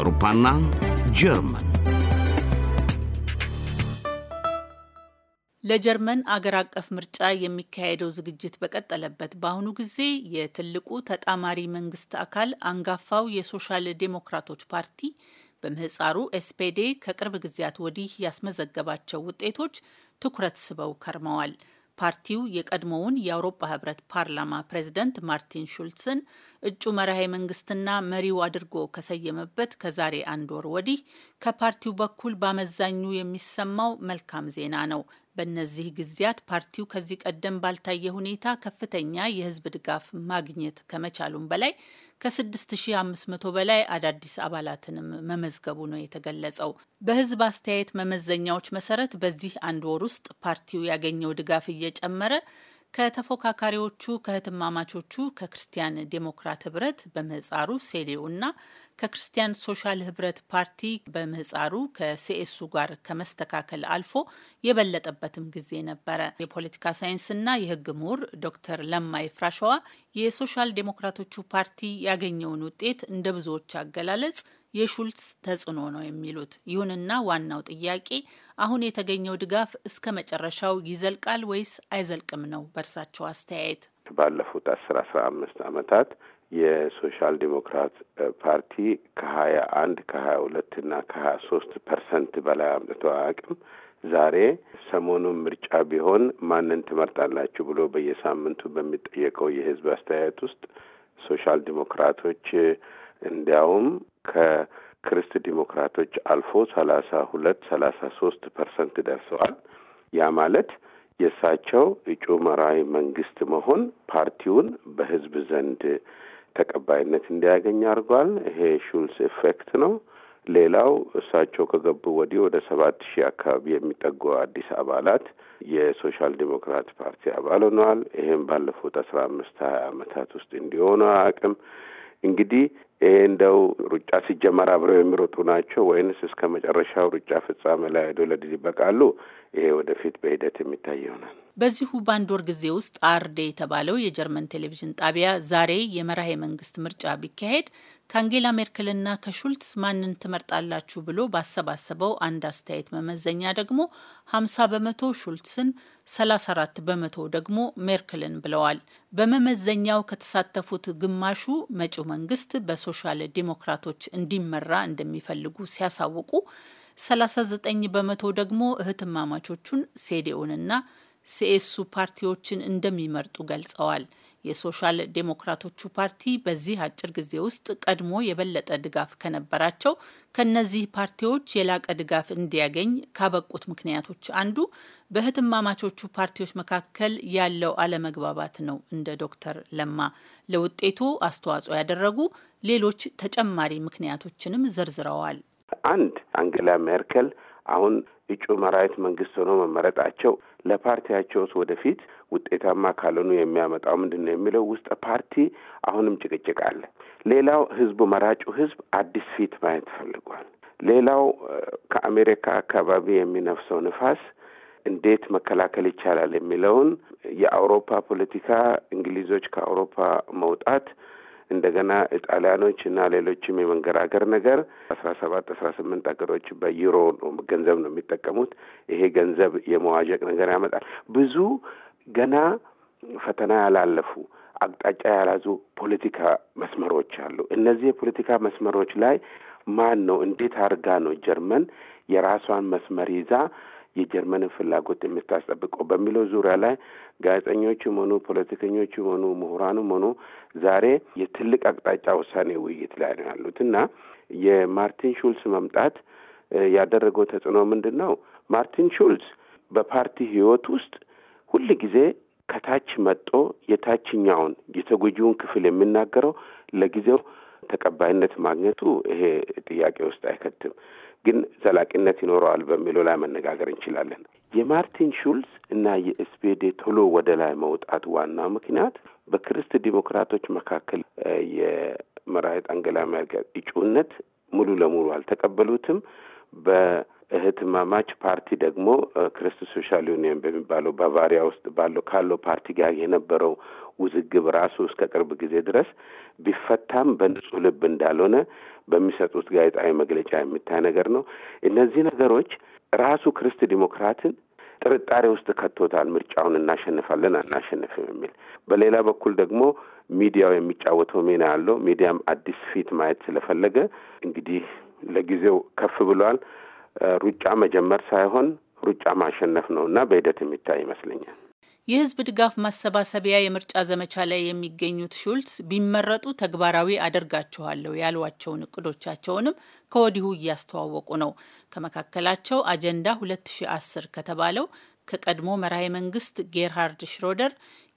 አውሮፓና ጀርመን ለጀርመን አገር አቀፍ ምርጫ የሚካሄደው ዝግጅት በቀጠለበት በአሁኑ ጊዜ የትልቁ ተጣማሪ መንግስት አካል አንጋፋው የሶሻል ዴሞክራቶች ፓርቲ በምህፃሩ ኤስፔዴ ከቅርብ ጊዜያት ወዲህ ያስመዘገባቸው ውጤቶች ትኩረት ስበው ከርመዋል። ፓርቲው የቀድሞውን የአውሮፓ ህብረት ፓርላማ ፕሬዝደንት ማርቲን ሹልስን እጩ መራሄ መንግስትና መሪው አድርጎ ከሰየመበት ከዛሬ አንድ ወር ወዲህ ከፓርቲው በኩል በአመዛኙ የሚሰማው መልካም ዜና ነው። በእነዚህ ጊዜያት ፓርቲው ከዚህ ቀደም ባልታየ ሁኔታ ከፍተኛ የህዝብ ድጋፍ ማግኘት ከመቻሉም በላይ ከ6500 በላይ አዳዲስ አባላትንም መመዝገቡ ነው የተገለጸው። በህዝብ አስተያየት መመዘኛዎች መሰረት በዚህ አንድ ወር ውስጥ ፓርቲው ያገኘው ድጋፍ እየጨመረ ከተፎካካሪዎቹ ከህትማማቾቹ ከክርስቲያን ዴሞክራት ህብረት በምህፃሩ ሴሌው እና ከክርስቲያን ሶሻል ህብረት ፓርቲ በምህፃሩ ከሲኤሱ ጋር ከመስተካከል አልፎ የበለጠበትም ጊዜ ነበረ። የፖለቲካ ሳይንስና የህግ ምሁር ዶክተር ለማ ፍራሸዋ የሶሻል ዴሞክራቶቹ ፓርቲ ያገኘውን ውጤት እንደ ብዙዎች አገላለጽ የሹልትስ ተጽዕኖ ነው የሚሉት። ይሁንና ዋናው ጥያቄ አሁን የተገኘው ድጋፍ እስከ መጨረሻው ይዘልቃል ወይስ አይዘልቅም ነው በእርሳቸው አስተያየት። ባለፉት አስር አስራ አምስት አመታት የሶሻል ዲሞክራት ፓርቲ ከሀያ አንድ ከሀያ ሁለት እና ከሀያ ሶስት ፐርሰንት በላይ አምጥቶ አያውቅም። ዛሬ ሰሞኑን ምርጫ ቢሆን ማንን ትመርጣላችሁ ብሎ በየሳምንቱ በሚጠየቀው የህዝብ አስተያየት ውስጥ ሶሻል ዲሞክራቶች እንዲያውም ከክርስት ዲሞክራቶች አልፎ ሰላሳ ሁለት ሰላሳ ሶስት ፐርሰንት ደርሰዋል። ያ ማለት የእሳቸው እጩ መራዊ መንግስት መሆን ፓርቲውን በህዝብ ዘንድ ተቀባይነት እንዲያገኝ አድርጓል። ይሄ ሹልስ ኤፌክት ነው። ሌላው እሳቸው ከገቡ ወዲህ ወደ ሰባት ሺህ አካባቢ የሚጠጉ አዲስ አባላት የሶሻል ዲሞክራት ፓርቲ አባል ሆነዋል። ይህም ባለፉት አስራ አምስት ሀያ ዓመታት ውስጥ እንዲሆነ አቅም እንግዲህ ይሄ እንደው ሩጫ ሲጀመር አብረው የሚሮጡ ናቸው ወይንስ እስከ መጨረሻው ሩጫ ፍጻሜ ላይ ዶለድ ይበቃሉ? ይሄ ወደፊት በሂደት የሚታይ ይሆናል። በዚሁ በአንድ ወር ጊዜ ውስጥ አርዴ የተባለው የጀርመን ቴሌቪዥን ጣቢያ ዛሬ የመራሄ መንግስት ምርጫ ቢካሄድ ከአንጌላ ሜርክልና ከሹልትስ ማንን ትመርጣላችሁ ብሎ ባሰባሰበው አንድ አስተያየት መመዘኛ ደግሞ 50 በመቶ ሹልትስን፣ 34 በመቶ ደግሞ ሜርክልን ብለዋል። በመመዘኛው ከተሳተፉት ግማሹ መጪው መንግስት በሶሻል ዲሞክራቶች እንዲመራ እንደሚፈልጉ ሲያሳውቁ 39 በመቶ ደግሞ እህትማማቾቹን ሴዴኡንና ሲኤሱ ፓርቲዎችን እንደሚመርጡ ገልጸዋል። የሶሻል ዴሞክራቶቹ ፓርቲ በዚህ አጭር ጊዜ ውስጥ ቀድሞ የበለጠ ድጋፍ ከነበራቸው ከነዚህ ፓርቲዎች የላቀ ድጋፍ እንዲያገኝ ካበቁት ምክንያቶች አንዱ በህትማማቾቹ ፓርቲዎች መካከል ያለው አለመግባባት ነው። እንደ ዶክተር ለማ ለውጤቱ አስተዋጽኦ ያደረጉ ሌሎች ተጨማሪ ምክንያቶችንም ዘርዝረዋል። አንድ አንግላ ሜርከል አሁን እጩ መራዊት መንግስት ሆኖ መመረጣቸው ለፓርቲያቸውስ ወደፊት ውጤታማ ካልሆኑ የሚያመጣው ምንድን ነው የሚለው ውስጥ ፓርቲ አሁንም ጭቅጭቅ አለ። ሌላው ህዝቡ መራጩ ህዝብ አዲስ ፊት ማየት ፈልጓል። ሌላው ከአሜሪካ አካባቢ የሚነፍሰው ንፋስ እንዴት መከላከል ይቻላል የሚለውን የአውሮፓ ፖለቲካ እንግሊዞች ከአውሮፓ መውጣት እንደገና ጣሊያኖች እና ሌሎችም የመንገራገር ነገር አስራ ሰባት አስራ ስምንት ሀገሮች በዩሮ ገንዘብ ነው የሚጠቀሙት። ይሄ ገንዘብ የመዋዠቅ ነገር ያመጣል። ብዙ ገና ፈተና ያላለፉ አቅጣጫ ያላዙ ፖለቲካ መስመሮች አሉ። እነዚህ የፖለቲካ መስመሮች ላይ ማን ነው እንዴት አድርጋ ነው ጀርመን የራሷን መስመር ይዛ የጀርመንን ፍላጎት የምታስጠብቀው በሚለው ዙሪያ ላይ ጋዜጠኞቹም ሆኑ ፖለቲከኞቹም ሆኑ ምሁራንም ሆኑ ዛሬ የትልቅ አቅጣጫ ውሳኔ ውይይት ላይ ነው ያሉት እና የማርቲን ሹልስ መምጣት ያደረገው ተጽዕኖ ምንድን ነው? ማርቲን ሹልስ በፓርቲ ህይወት ውስጥ ሁል ጊዜ ከታች መጦ የታችኛውን የተጎጂውን ክፍል የሚናገረው ለጊዜው ተቀባይነት ማግኘቱ ይሄ ጥያቄ ውስጥ አይከትም። ግን ዘላቂነት ይኖረዋል በሚለው ላይ መነጋገር እንችላለን። የማርቲን ሹልስ እና የኤስፔዴ ቶሎ ወደ ላይ መውጣት ዋናው ምክንያት በክርስት ዲሞክራቶች መካከል የመራሄጥ አንገላ መርገር እጩነት ሙሉ ለሙሉ አልተቀበሉትም በ እህትማማች ፓርቲ ደግሞ ክርስቶስ ሶሻል ዩኒየን በሚባለው ባቫሪያ ውስጥ ባለው ካለው ፓርቲ ጋር የነበረው ውዝግብ ራሱ እስከ ቅርብ ጊዜ ድረስ ቢፈታም በንጹህ ልብ እንዳልሆነ በሚሰጡት ጋዜጣዊ መግለጫ የሚታይ ነገር ነው። እነዚህ ነገሮች ራሱ ክርስት ዲሞክራትን ጥርጣሬ ውስጥ ከቶታል። ምርጫውን እናሸንፋለን አናሸንፍም የሚል በሌላ በኩል ደግሞ ሚዲያው የሚጫወተው ሚና ያለው ሚዲያም አዲስ ፊት ማየት ስለፈለገ እንግዲህ ለጊዜው ከፍ ብሏል። ሩጫ መጀመር ሳይሆን ሩጫ ማሸነፍ ነው እና በሂደት የሚታይ ይመስለኛል። የህዝብ ድጋፍ ማሰባሰቢያ የምርጫ ዘመቻ ላይ የሚገኙት ሹልስ ቢመረጡ ተግባራዊ አደርጋችኋለሁ ያሏቸውን እቅዶቻቸውንም ከወዲሁ እያስተዋወቁ ነው። ከመካከላቸው አጀንዳ 2010 ከተባለው ከቀድሞ መራሄ መንግስት ጌርሃርድ ሽሮደር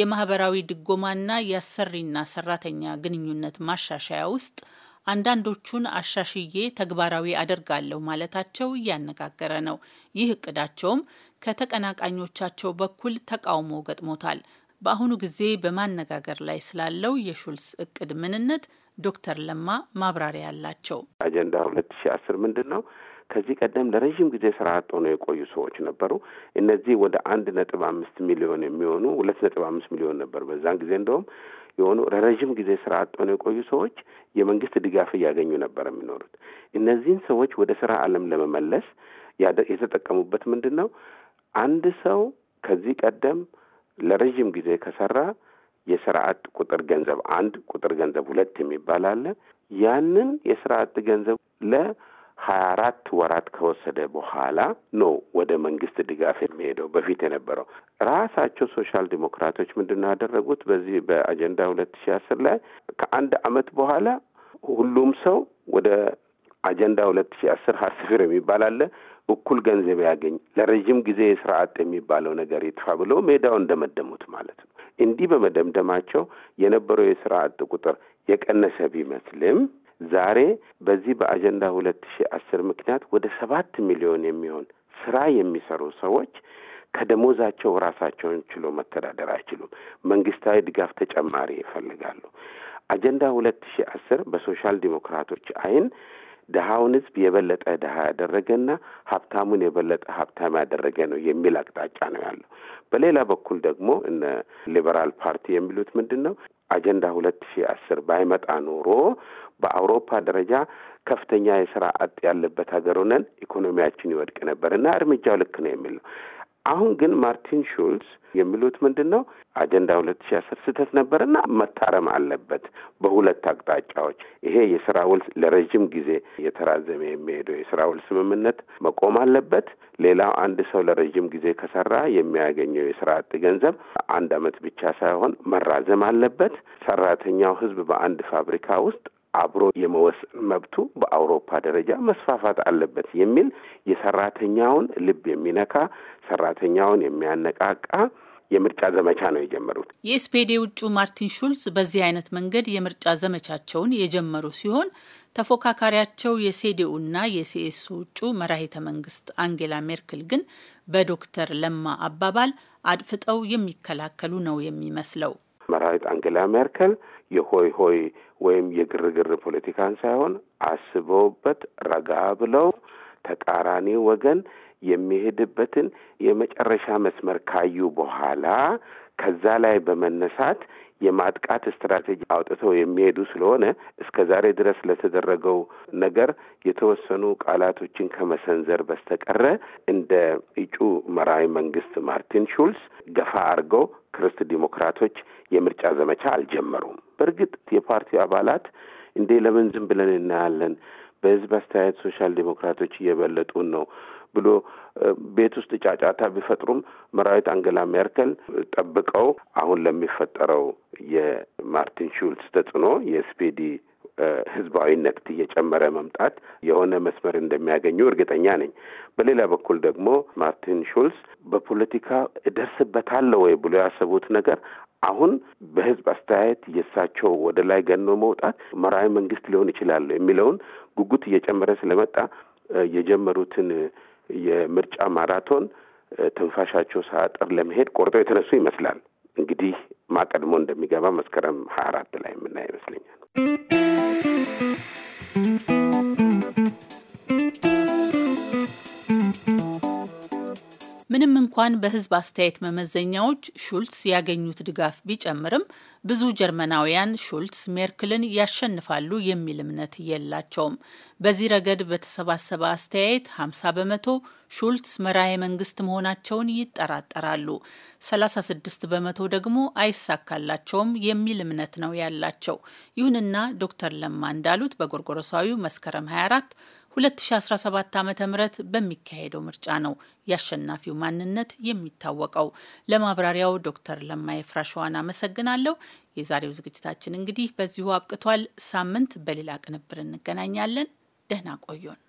የማህበራዊ ድጎማና የአሰሪና ሰራተኛ ግንኙነት ማሻሻያ ውስጥ አንዳንዶቹን አሻሽዬ ተግባራዊ አደርጋለሁ ማለታቸው እያነጋገረ ነው። ይህ እቅዳቸውም ከተቀናቃኞቻቸው በኩል ተቃውሞ ገጥሞታል። በአሁኑ ጊዜ በማነጋገር ላይ ስላለው የሹልስ እቅድ ምንነት ዶክተር ለማ ማብራሪያ አላቸው። አጀንዳ ሁለት ሺ አስር ምንድን ነው? ከዚህ ቀደም ለረዥም ጊዜ ስራ አጥ ሆነው የቆዩ ሰዎች ነበሩ። እነዚህ ወደ አንድ ነጥብ አምስት ሚሊዮን የሚሆኑ ሁለት ነጥብ አምስት ሚሊዮን ነበር በዛን ጊዜ እንደውም የሆኑ ለረዥም ጊዜ ስራ አጥ የቆዩ ሰዎች የመንግስት ድጋፍ እያገኙ ነበር የሚኖሩት። እነዚህን ሰዎች ወደ ስራ አለም ለመመለስ የተጠቀሙበት ምንድን ነው? አንድ ሰው ከዚህ ቀደም ለረዥም ጊዜ ከሰራ የስራ አጥ ቁጥር ገንዘብ አንድ ቁጥር ገንዘብ ሁለት የሚባል አለ። ያንን የስራ አጥ ገንዘብ ለ ሀያ አራት ወራት ከወሰደ በኋላ ነው ወደ መንግስት ድጋፍ የሚሄደው። በፊት የነበረው ራሳቸው ሶሻል ዲሞክራቶች ምንድን ነው ያደረጉት? በዚህ በአጀንዳ ሁለት ሺ አስር ላይ ከአንድ አመት በኋላ ሁሉም ሰው ወደ አጀንዳ ሁለት ሺ አስር ሀስፍር የሚባል አለ እኩል ገንዘብ ያገኝ ለረዥም ጊዜ የስራ አጥ የሚባለው ነገር ይጥፋ ብለው ሜዳው እንደመደሙት ማለት ነው። እንዲህ በመደምደማቸው የነበረው የስራ አጥ ቁጥር የቀነሰ ቢመስልም ዛሬ በዚህ በአጀንዳ ሁለት ሺህ አስር ምክንያት ወደ ሰባት ሚሊዮን የሚሆን ስራ የሚሰሩ ሰዎች ከደሞዛቸው ራሳቸውን ችሎ መተዳደር አይችሉም። መንግስታዊ ድጋፍ ተጨማሪ ይፈልጋሉ። አጀንዳ ሁለት ሺህ አስር በሶሻል ዲሞክራቶች አይን ድሀውን ህዝብ የበለጠ ድሀ ያደረገና ሀብታሙን የበለጠ ሀብታም ያደረገ ነው የሚል አቅጣጫ ነው ያለው። በሌላ በኩል ደግሞ እነ ሊበራል ፓርቲ የሚሉት ምንድን ነው? አጀንዳ ሁለት ሺህ አስር ባይመጣ ኖሮ በአውሮፓ ደረጃ ከፍተኛ የስራ አጥ ያለበት ሀገር ሆነን ኢኮኖሚያችን ይወድቅ ነበር እና እርምጃው ልክ ነው የሚል ነው። አሁን ግን ማርቲን ሹልስ የሚሉት ምንድን ነው? አጀንዳ ሁለት ሺ አስር ስህተት ነበርና መታረም አለበት በሁለት አቅጣጫዎች። ይሄ የስራ ውል ለረዥም ጊዜ የተራዘመ የሚሄደው የስራ ውል ስምምነት መቆም አለበት። ሌላው አንድ ሰው ለረዥም ጊዜ ከሰራ የሚያገኘው የስራ አጥ ገንዘብ አንድ አመት ብቻ ሳይሆን መራዘም አለበት። ሰራተኛው ህዝብ በአንድ ፋብሪካ ውስጥ አብሮ የመወሰን መብቱ በአውሮፓ ደረጃ መስፋፋት አለበት የሚል የሰራተኛውን ልብ የሚነካ ሰራተኛውን የሚያነቃቃ የምርጫ ዘመቻ ነው የጀመሩት። የኤስፔዴ ውጩ ማርቲን ሹልስ በዚህ አይነት መንገድ የምርጫ ዘመቻቸውን የጀመሩ ሲሆን ተፎካካሪያቸው የሴዲኡና የሲኤስ ውጩ መራሄተ መንግስት አንጌላ ሜርክል ግን በዶክተር ለማ አባባል አድፍጠው የሚከላከሉ ነው የሚመስለው። መራሂት አንጌላ ሜርክል የሆይ ሆይ ወይም የግርግር ፖለቲካን ሳይሆን አስበውበት ረጋ ብለው ተቃራኒ ወገን የሚሄድበትን የመጨረሻ መስመር ካዩ በኋላ ከዛ ላይ በመነሳት የማጥቃት ስትራቴጂ አውጥተው የሚሄዱ ስለሆነ እስከ ዛሬ ድረስ ለተደረገው ነገር የተወሰኑ ቃላቶችን ከመሰንዘር በስተቀረ እንደ እጩ መራዊ መንግስት ማርቲን ሹልስ ገፋ አድርገው ክርስት ዲሞክራቶች የምርጫ ዘመቻ አልጀመሩም። በእርግጥ የፓርቲው አባላት እንዴ ለምን ዝም ብለን እናያለን፣ በህዝብ አስተያየት ሶሻል ዲሞክራቶች እየበለጡን ነው ብሎ ቤት ውስጥ ጫጫታ ቢፈጥሩም መራዊት አንገላ ሜርከል ጠብቀው አሁን ለሚፈጠረው የማርቲን ሹልስ ተጽዕኖ የስፔዲ ህዝባዊነት እየጨመረ መምጣት የሆነ መስመር እንደሚያገኙ እርግጠኛ ነኝ። በሌላ በኩል ደግሞ ማርቲን ሹልስ በፖለቲካ እደርስበታለሁ ወይ ብሎ ያሰቡት ነገር አሁን በህዝብ አስተያየት የእሳቸው ወደ ላይ ገኖ መውጣት መራዊ መንግስት ሊሆን ይችላል የሚለውን ጉጉት እየጨመረ ስለመጣ የጀመሩትን የምርጫ ማራቶን ትንፋሻቸው ሳያጥር ለመሄድ ቆርጠው የተነሱ ይመስላል። እንግዲህ ማቀድሞ እንደሚገባ መስከረም ሀያ አራት ላይ የምናየው ይመስለኛል። Thank you. ምንም እንኳን በህዝብ አስተያየት መመዘኛዎች ሹልስ ያገኙት ድጋፍ ቢጨምርም ብዙ ጀርመናውያን ሹልስ ሜርክልን ያሸንፋሉ የሚል እምነት የላቸውም። በዚህ ረገድ በተሰባሰበ አስተያየት 50 በመቶ ሹልስ መራሄ መንግስት መሆናቸውን ይጠራጠራሉ፣ 36 በመቶ ደግሞ አይሳካላቸውም የሚል እምነት ነው ያላቸው። ይሁንና ዶክተር ለማ እንዳሉት በጎርጎረሳዊው መስከረም 24 2017 ዓ ም በሚካሄደው ምርጫ ነው የአሸናፊው ማንነት የሚታወቀው። ለማብራሪያው ዶክተር ለማ የፍራሸዋን አመሰግናለሁ። የዛሬው ዝግጅታችን እንግዲህ በዚሁ አብቅቷል። ሳምንት በሌላ ቅንብር እንገናኛለን። ደህና ቆዩን።